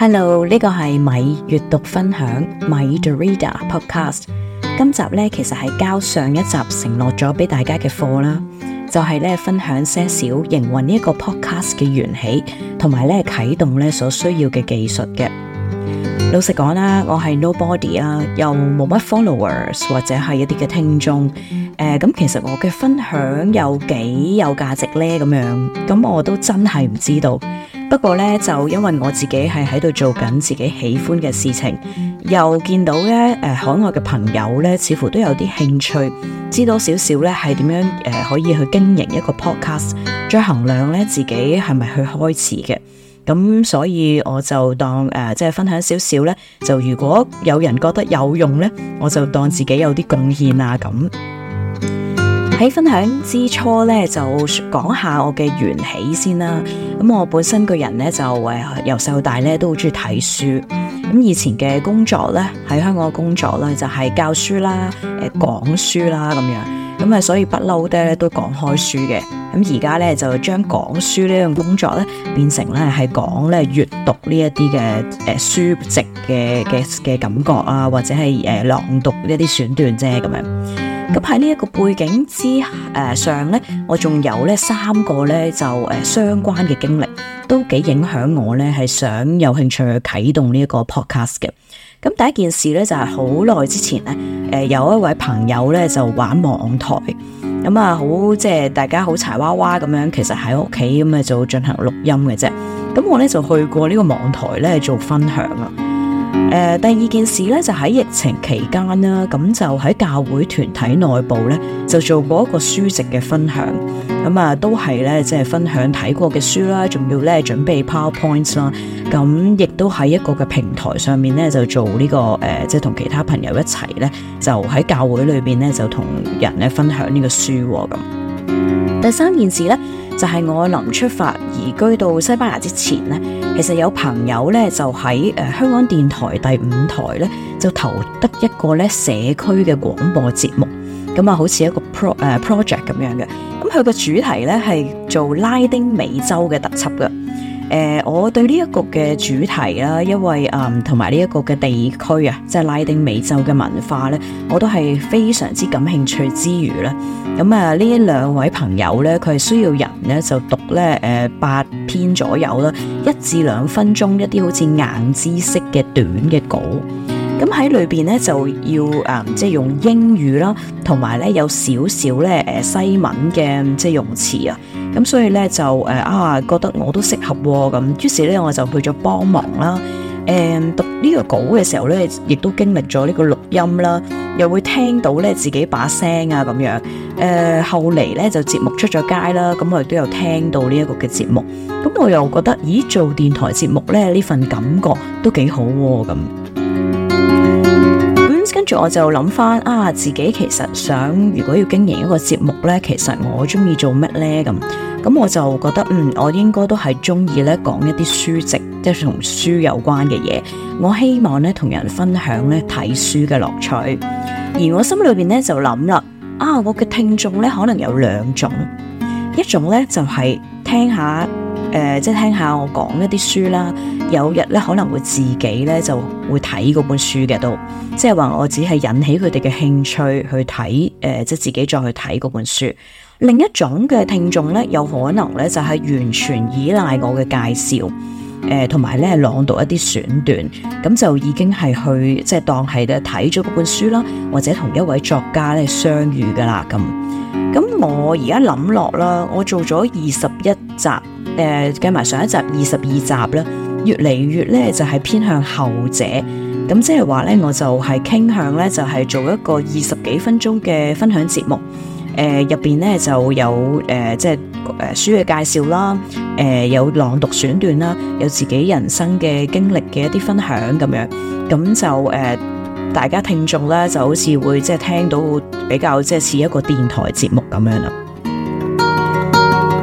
Hello，呢個係米閱讀分享 Mic the Reader Podcast。今集呢，其實係交上一集承諾咗畀大家嘅貨啦，就係呢分享些少營運呢個 podcast 嘅緣起，同埋呢啟動呢所需要嘅技術嘅。老實講啦，我係 Nobody 啊，又冇乜 followers 或者係一啲嘅聽眾。咁、呃、其實我嘅分享有幾有價值呢？咁樣，咁我都真係唔知道。不過咧，就因為我自己係喺度做緊自己喜歡嘅事情，又見到咧誒，海外嘅朋友咧似乎都有啲興趣，知道多少少咧係點樣誒、呃，可以去經營一個 podcast，再衡量咧自己係咪去開始嘅。咁所以我就當誒、呃，即係分享一少少咧，就如果有人覺得有用咧，我就當自己有啲貢獻啊咁。喺分享之初咧，就講下我嘅緣起先啦。咁我本身個人咧就誒，由細到大咧都好中意睇書。咁以前嘅工作咧，喺香港嘅工作咧就係教書啦，誒講書啦咁樣。咁啊，所以不嬲咧都講開書嘅。咁而家咧就將講書呢種工作咧變成咧係講咧閱讀呢一啲嘅誒書籍嘅嘅嘅感覺啊，或者係誒朗讀一啲選段啫咁樣。咁喺呢一個背景之誒上呢，我仲有呢三個呢就誒、呃、相關嘅經歷，都幾影響我呢係想有興趣去啟動呢個 podcast 嘅。咁第一件事呢，就係好耐之前呢，誒、呃、有一位朋友呢就玩網台，咁啊好即係大家好柴娃娃咁樣，其實喺屋企咁啊就進行錄音嘅啫。咁我呢，就去過呢個網台呢做分享啊。誒、呃，第二件事咧就喺、是、疫情期間啦，咁就喺教會團體內部咧就做過一個書籍嘅分享，咁啊都係咧即係分享睇過嘅書啦，仲要咧準備 PowerPoint 啦，咁亦都喺一個嘅平台上面咧就做呢、這個誒，即係同其他朋友一齊咧就喺教會裏邊咧就同人咧分享呢個書咁、嗯。第三件事咧。就係我臨出發移居到西班牙之前咧，其實有朋友咧就喺香港電台第五台咧，就投得一個咧社區嘅廣播節目，咁啊好似一個 pro、uh, project 咁樣嘅，咁佢個主題咧係做拉丁美洲嘅特輯嘅。誒、呃，我對呢一個嘅主題啦，因為誒同埋呢一個嘅地區啊，即係拉丁美洲嘅文化咧，我都係非常之感興趣之餘咧，咁啊呢兩位朋友咧，佢係需要人咧就讀咧誒八篇左右啦，一至兩分鐘一啲好似硬知識嘅短嘅稿，咁喺裏邊咧就要誒、嗯、即係用英語啦，同埋咧有少少咧誒西文嘅即係用詞啊。咁所以咧就誒啊覺得我都適合喎、啊，咁於是咧我就去咗幫忙啦、啊。誒讀呢個稿嘅時候咧，亦都經歷咗呢個錄音啦、啊，又會聽到咧自己把聲啊咁樣。誒、啊、後嚟咧就節目出咗街啦、啊，咁我亦都有聽到呢一個嘅節目。咁我又覺得，咦，做電台節目咧呢份感覺都幾好喎、啊、咁。跟住、嗯、我就諗翻啊自己其實想如果要經營一個節目咧，其實我中意做乜咧咁？咁我就覺得，嗯，我應該都係中意咧講一啲書籍，即係同書有關嘅嘢。我希望咧同人分享咧睇書嘅樂趣，而我心裏面咧就諗啦，啊，我嘅聽眾咧可能有兩種，一種咧就係、是、聽下，誒、呃，即係聽下我講一啲書啦。有日咧可能會自己咧就會睇嗰本書嘅，都即係話我只係引起佢哋嘅興趣去睇，誒、呃，即係自己再去睇嗰本書。另一種嘅聽眾咧，有可能咧就係完全依賴我嘅介紹，誒、呃，同埋咧朗讀一啲選段，咁就已經係去即係、就是、當係咧睇咗嗰本書啦，或者同一位作家咧相遇噶啦咁。咁我而家諗落啦，我做咗二十一集，誒，計埋上一集二十二集啦，越嚟越咧就係、是、偏向後者，咁即係話咧我就係傾向咧就係、是、做一個二十幾分鐘嘅分享節目。誒，入邊咧就有誒，即係誒書嘅介紹啦，誒、呃、有朗讀選段啦，有自己人生嘅經歷嘅一啲分享咁樣，咁就誒、呃、大家聽眾咧就好似會即係聽到比較即係似一個電台節目咁樣啦。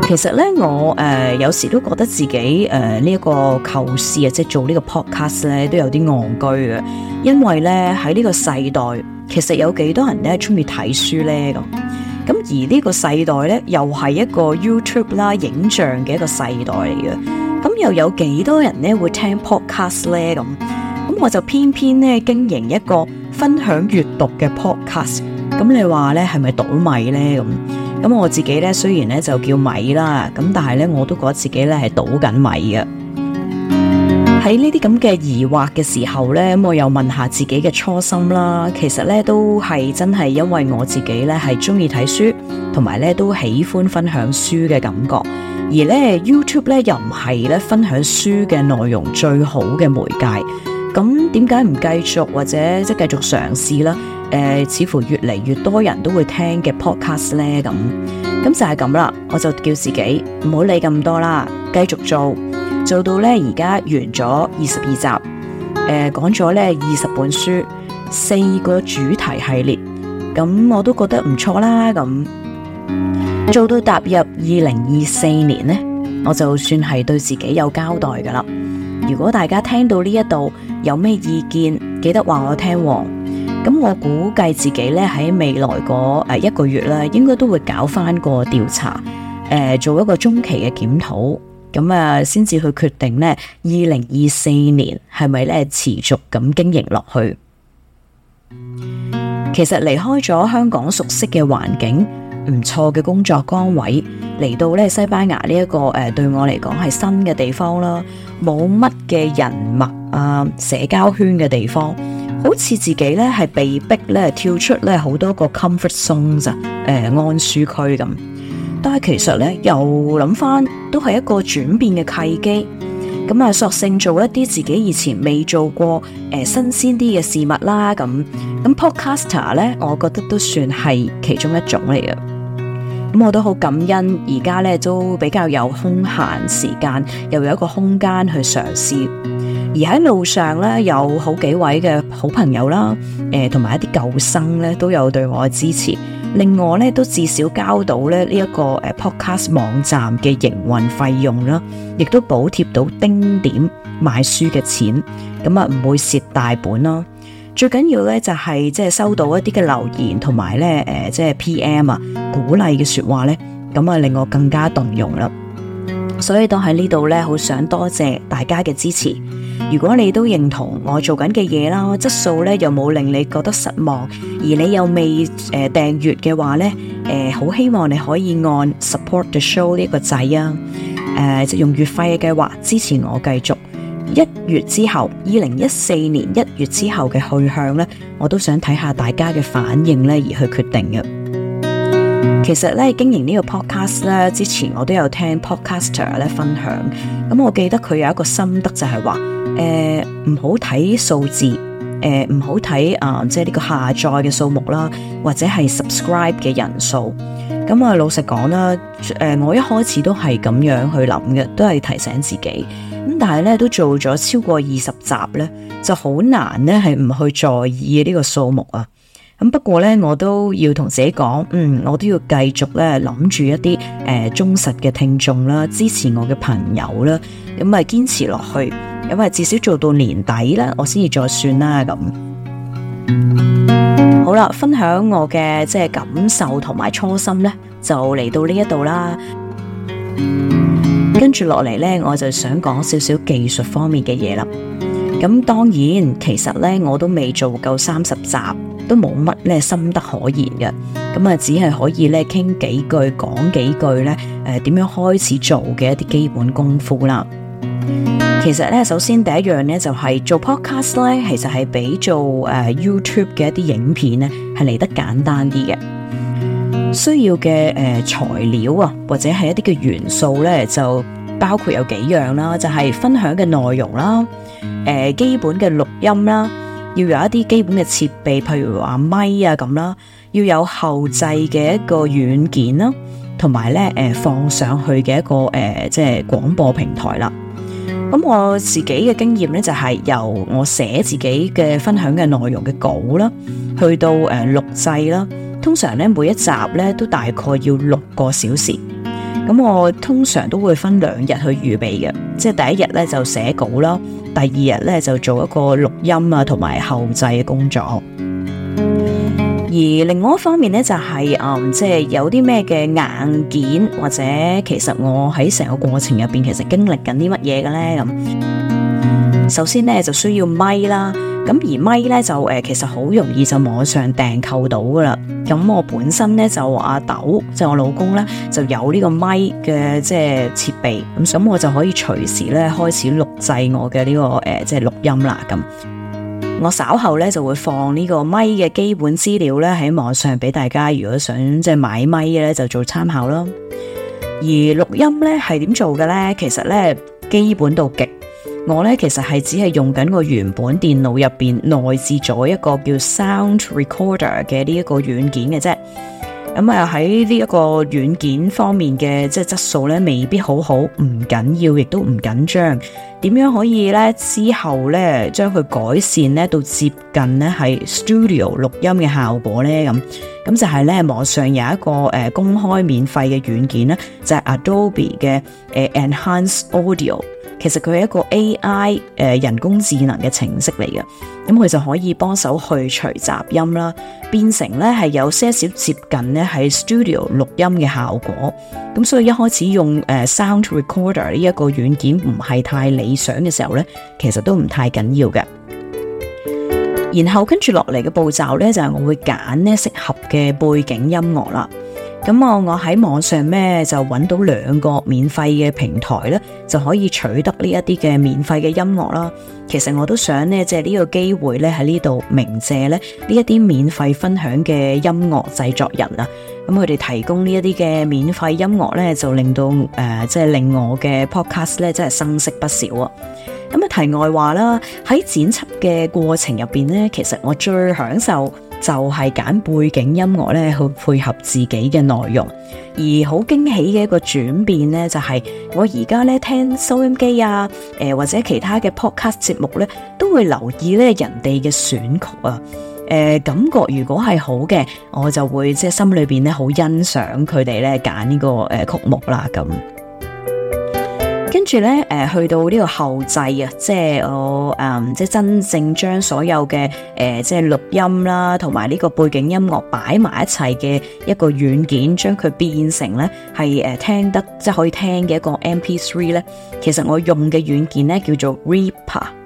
其實咧，我誒、呃、有時都覺得自己誒呢一個構思啊，即係做呢個 podcast 咧，都有啲戇居嘅，因為咧喺呢個世代，其實有幾多人咧係中意睇書咧個。咁而呢個世代咧，又係一個 YouTube 啦，影像嘅一個世代嚟嘅。咁又有幾多人咧會聽 podcast 咧？咁咁我就偏偏咧經營一個分享閱讀嘅 podcast。咁你話咧係咪倒米咧？咁咁我自己咧雖然咧就叫米啦，咁但係咧我都覺得自己咧係倒緊米嘅。喺呢啲咁嘅疑惑嘅時候呢，我又問下自己嘅初心啦。其實呢，都係真係因為我自己呢係中意睇書，同埋呢都喜歡分享書嘅感覺。而呢 YouTube 呢，又唔係呢分享書嘅內容最好嘅媒介。咁點解唔繼續或者即係繼續嘗試啦？誒、呃，似乎越嚟越多人都會聽嘅 podcast 呢。咁咁就係咁啦。我就叫自己唔好理咁多啦，繼續做。做到呢，而家完咗二十二集，誒、呃，講咗呢二十本書，四個主題系列，咁我都覺得唔錯啦。咁做到踏入二零二四年呢，我就算係對自己有交代噶啦。如果大家聽到呢一度有咩意見，記得話我聽。咁我估計自己呢，喺未來嗰誒一個月啦，應該都會搞翻個調查，誒、呃，做一個中期嘅檢討。咁啊，先至去決定呢，二零二四年係咪咧持續咁經營落去？其實離開咗香港熟悉嘅環境，唔錯嘅工作崗位，嚟到呢西班牙呢、這、一個誒對我嚟講係新嘅地方啦，冇乜嘅人脈啊，社交圈嘅地方，好似自己咧係被逼咧跳出咧好多個 comfort zone 咋、啊、誒安舒區咁。但係其實咧，又諗翻都係一個轉變嘅契機，咁啊索性做一啲自己以前未做過誒、呃、新鮮啲嘅事物啦，咁咁 podcaster 咧，我覺得都算係其中一種嚟嘅。咁我都好感恩，而家咧都比較有空閒時間，又有一個空間去嘗試。而喺路上咧，有好幾位嘅好朋友啦，誒、呃，同埋一啲舊生咧，都有對我嘅支持。另外咧，都至少交到呢一個 Podcast 網站嘅營運費用啦，亦都補貼到丁點買書嘅錢，咁啊唔會蝕大本咯。最緊要咧就係即係收到一啲嘅留言同埋咧誒即係 PM 啊鼓勵嘅說話咧，咁啊令我更加動容啦。所以都喺呢度咧，好想多謝大家嘅支持。如果你都認同我做緊嘅嘢啦，質素咧又冇令你覺得失望，而你又未誒訂閱嘅話呢，好、呃、希望你可以按 support the show 呢個掣啊，誒、呃、就用月費嘅計劃支持我繼續。一月之後，二零一四年一月之後嘅去向呢，我都想睇下大家嘅反應呢，而去決定嘅。其實咧經營呢個 podcast 咧，之前我都有聽 podcaster 咧分享，咁我記得佢有一個心得就係話，誒唔好睇數字，誒唔好睇啊即係呢個下載嘅數目啦，或者係 subscribe 嘅人數。咁啊老實講啦，誒我一開始都係咁樣去諗嘅，都係提醒自己。咁但係咧都做咗超過二十集咧，就好難咧係唔去在意呢個數目啊。咁不過咧，我都要同自己講，嗯，我都要繼續咧諗住一啲誒、呃、忠實嘅聽眾啦，支持我嘅朋友啦，咁咪堅持落去，咁咪至少做到年底啦，我先至再算啦咁。好啦，分享我嘅即係感受同埋初心咧，就嚟到呢一度啦。跟住落嚟咧，我就想講少少技術方面嘅嘢啦。咁當然，其實咧我都未做夠三十集。都冇乜咧心得可言嘅，咁啊，只係可以咧傾幾句，講幾句咧，誒、呃、點樣開始做嘅一啲基本功夫啦。其實咧，首先第一樣咧就係、是、做 Podcast 咧，其實係比做誒、呃、YouTube 嘅一啲影片咧係嚟得簡單啲嘅。需要嘅誒、呃、材料啊，或者係一啲嘅元素咧，就包括有幾樣啦，就係、是、分享嘅內容啦，誒、呃、基本嘅錄音啦。要有一啲基本嘅設備，譬如話咪啊咁啦，要有後製嘅一個軟件啦，同埋呢，誒、放上去嘅一個誒、呃、即係廣播平台啦。咁我自己嘅經驗呢，就係由我寫自己嘅分享嘅內容嘅稿啦，去到誒、錄製啦，通常呢每一集呢都大概要六個小時。咁我通常都會分兩日去預備嘅，即係第一日呢就寫稿啦，第二日呢就做一個錄音啊同埋後製嘅工作。而另外一方面呢就係，嗯，即係有啲咩嘅硬件或者，其實我喺成個過程入邊，其實經歷緊啲乜嘢嘅呢？首先呢就需要咪啦。咁而咪咧就誒，其實好容易就網上訂購到噶啦。咁我本身咧就阿豆，就是，我老公咧就有呢個咪嘅即係設備，咁所以我就可以隨時咧開始錄製我嘅呢，這個誒即係錄音啦。咁我稍後咧就會放呢個咪嘅基本資料咧喺網上俾大家，如果想即係買咪咧就做參考咯。而錄音咧係點做嘅咧？其實咧基本到極。我咧其實係只係用緊個原本電腦入邊內置咗一個叫 Sound Recorder 嘅呢一個軟件嘅啫。咁啊喺呢一個軟件方面嘅即係質素咧未必好好，唔緊要，亦都唔緊張。點樣可以咧之後咧將佢改善咧到接近咧係 Studio 錄音嘅效果咧咁？咁就係咧網上有一個誒、呃、公開免費嘅軟件咧，就係、是、Adobe 嘅誒、呃、Enhance Audio。其實佢係一個 AI 誒、呃、人工智能嘅程式嚟嘅，咁、嗯、佢就可以幫手去除雜音啦，變成咧係有些少接近咧喺 Studio 錄音嘅效果。咁、嗯、所以一開始用誒、呃、Sound Recorder 呢一個軟件唔係太理想嘅時候咧，其實都唔太緊要嘅。然後跟住落嚟嘅步驟咧，就係、是、我會揀咧適合嘅背景音樂啦。咁我喺網上呢就揾到兩個免費嘅平台咧，就可以取得呢一啲嘅免費嘅音樂啦。其實我都想呢，借呢個機會呢，喺呢度鳴謝呢一啲免費分享嘅音樂製作人啊。咁佢哋提供呢一啲嘅免費音樂呢，就令到即係、呃即係、令我嘅 podcast 呢，真係生色不少啊。咁啊，題外話啦，喺剪輯嘅過程入面呢，其實我最享受，就係揀背景音樂咧，去配合自己嘅內容，而好驚喜嘅一個轉變咧就係、是、我而家咧聽收音機啊，誒、呃、或者其他嘅 podcast 節目咧都會留意咧人哋嘅選曲啊，誒、呃、感覺如果係好嘅，我就會即係心裏邊咧好欣賞佢哋咧揀呢、呢個誒、呃、曲目啦咁。跟住咧，誒去到呢個後製啊，即係我，嗯、呃，即係真正將所有嘅，誒，即係錄音啦，同埋呢個背景音樂擺埋一齊嘅一個軟件，將佢變成咧係誒聽得即係可以聽嘅一個 MP3 咧。其實我用嘅軟件咧叫做 Reaper。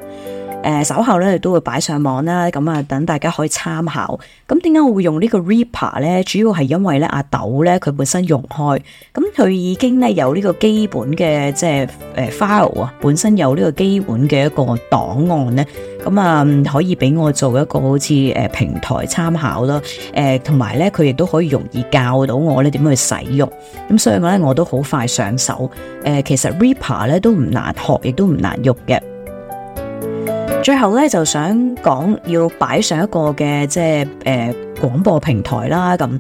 誒、呃、稍後咧都會擺上網啦，咁啊等大家可以參考。咁點解我會用這個、ER、呢個 Reaper 咧？主要係因為咧阿豆咧佢本身用開，咁佢已經咧有呢個基本嘅即係誒 file 啊，本身有呢個基本嘅一個檔案咧，咁啊、嗯、可以俾我做一個好似誒平台參考囉。誒同埋咧佢亦都可以容易教到我咧點樣去使用。咁所以我咧我都好快上手。誒、呃、其實 Reaper 咧都唔難學，亦都唔難用嘅。最後呢，就想講要擺上一個嘅即係、呃、廣播平台啦，咁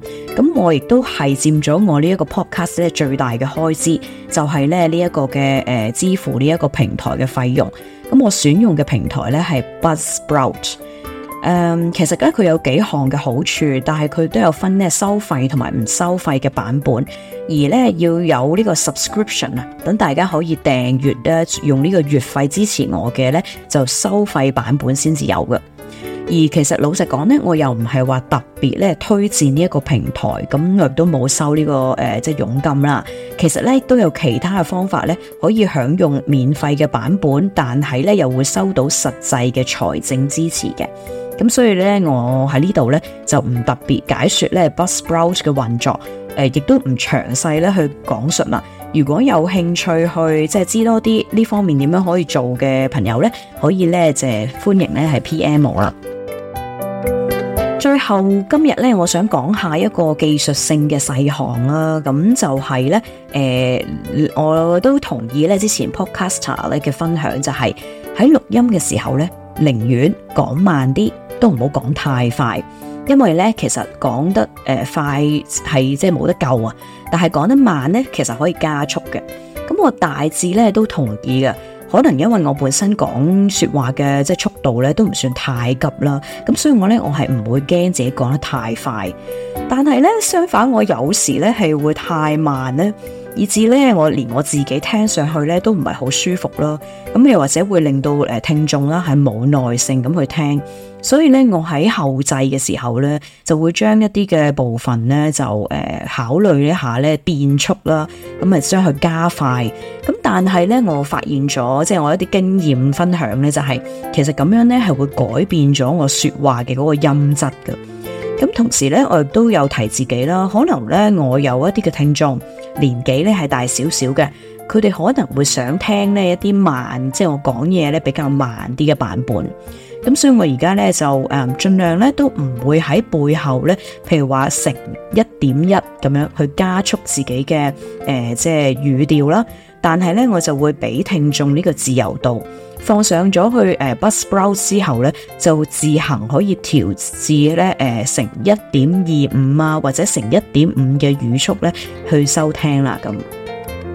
我亦都係佔咗我呢個 podcast 最大嘅開支，就係呢一個嘅、呃、支付呢一個平台嘅費用。咁我選用嘅平台呢係 Buzzsprout。是誒，um, 其實咧佢有幾項嘅好處，但係佢都有分呢收費同埋唔收費嘅版本，而咧要有呢個 subscription 啦，等大家可以訂閱咧，用呢個月費支持我嘅咧，就收費版本先至有嘅。而其實老實講咧，我又唔係話特別咧推薦呢一個平台，咁我亦都冇收呢、呢個誒、呃、即係佣金啦。其實咧都有其他嘅方法咧可以享用免費嘅版本，但係咧又會收到實際嘅財政支持嘅。咁所以咧，我喺呢度咧就唔特別解說咧 Buzzsprout 嘅運作，誒、呃，亦都唔詳細咧去講述啦。如果有興趣去即係知道多啲呢方面點樣可以做嘅朋友咧，可以咧即係歡迎咧係 PM 我啦。最後今日咧，我想講一下一個技術性嘅細項啦，啊，咁就係咧，誒、呃，我都同意咧之前 Podcaster 咧嘅分享，就是，就係喺錄音嘅時候咧，寧願講慢啲。都唔好講太快，因為呢其實講得、呃、快係即係冇得救啊，但係講得慢呢其實可以加速嘅。咁我大致呢都同意嘅可能因為我本身講說話嘅、即係速度咧都唔算太急啦，咁所以我咧我係唔會驚自己講得太快，但係咧相反我有時咧係會太慢咧，以至咧我連我自己聽上去咧都唔係好舒服咯，咁又或者會令到誒聽眾啦係冇耐性咁去聽，所以咧我喺後製嘅時候咧就會將一啲嘅部分咧就誒考慮一下咧變速啦，咁啊將佢加快咁。但係咧，我發現咗，即係我一啲經驗分享咧，就係其實咁樣咧，係會改變咗我說話嘅嗰個音質噶。咁同時咧，我亦都有提自己啦，可能咧我有一啲嘅聽眾年紀咧係大少少嘅。佢哋可能會想聽呢一啲慢，即係我講嘢咧比較慢啲嘅版本。咁所以我而家咧就誒盡量咧都唔會喺背後咧，譬如話成一點一咁樣去加速自己嘅誒即係語調啦。但係咧我就會俾聽眾呢個自由度，放上咗去誒 Buzzsprout 之後咧，就自行可以調節咧誒成一點二五啊，或者成一點五嘅語速咧去收聽啦咁。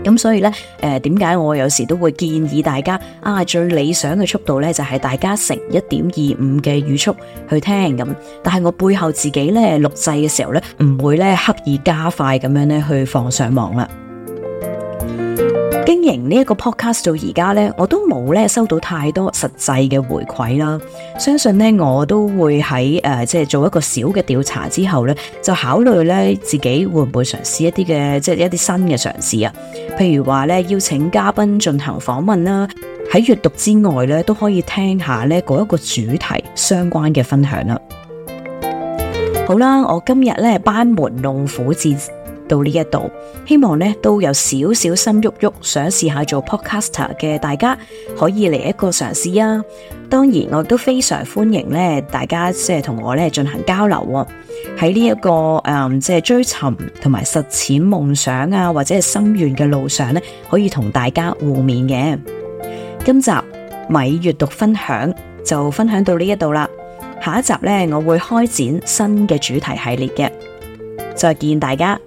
咁所以呢，誒、呃，點解我有時都會建議大家啊，最理想嘅速度呢，就係大家乘一點二五嘅語速去聽。咁，但係我背後自己呢，錄製嘅時候呢，唔會呢刻意加快咁樣呢去放上網啦。經營呢一個 podcast 到而家呢，我都冇咧收到太多實際嘅回饋啦。相信呢，我都會喺誒，即係做一個小嘅調查之後呢，就考慮呢自己會唔會嘗試一啲嘅，即係一啲新嘅嘗試啊。譬如話呢，邀請嘉賓進行訪問啦，喺閱讀之外呢，都可以聽下呢嗰一個主題相關嘅分享啦。好啦，我今日呢班門弄斧至。到呢一度，希望咧都有少少心郁郁，想試下做 Podcaster 嘅大家，可以嚟一個嘗試啊。當然，我都非常歡迎咧，大家即係同我咧進行交流喎、啊。喺呢一個誒，即、嗯、係、就是、追尋同埋實踐夢想啊，或者係心願嘅路上咧，可以同大家互勉嘅。今集米閱讀分享就分享到呢一度啦。下一集咧，我會開展新嘅主題系列嘅。再見，大家。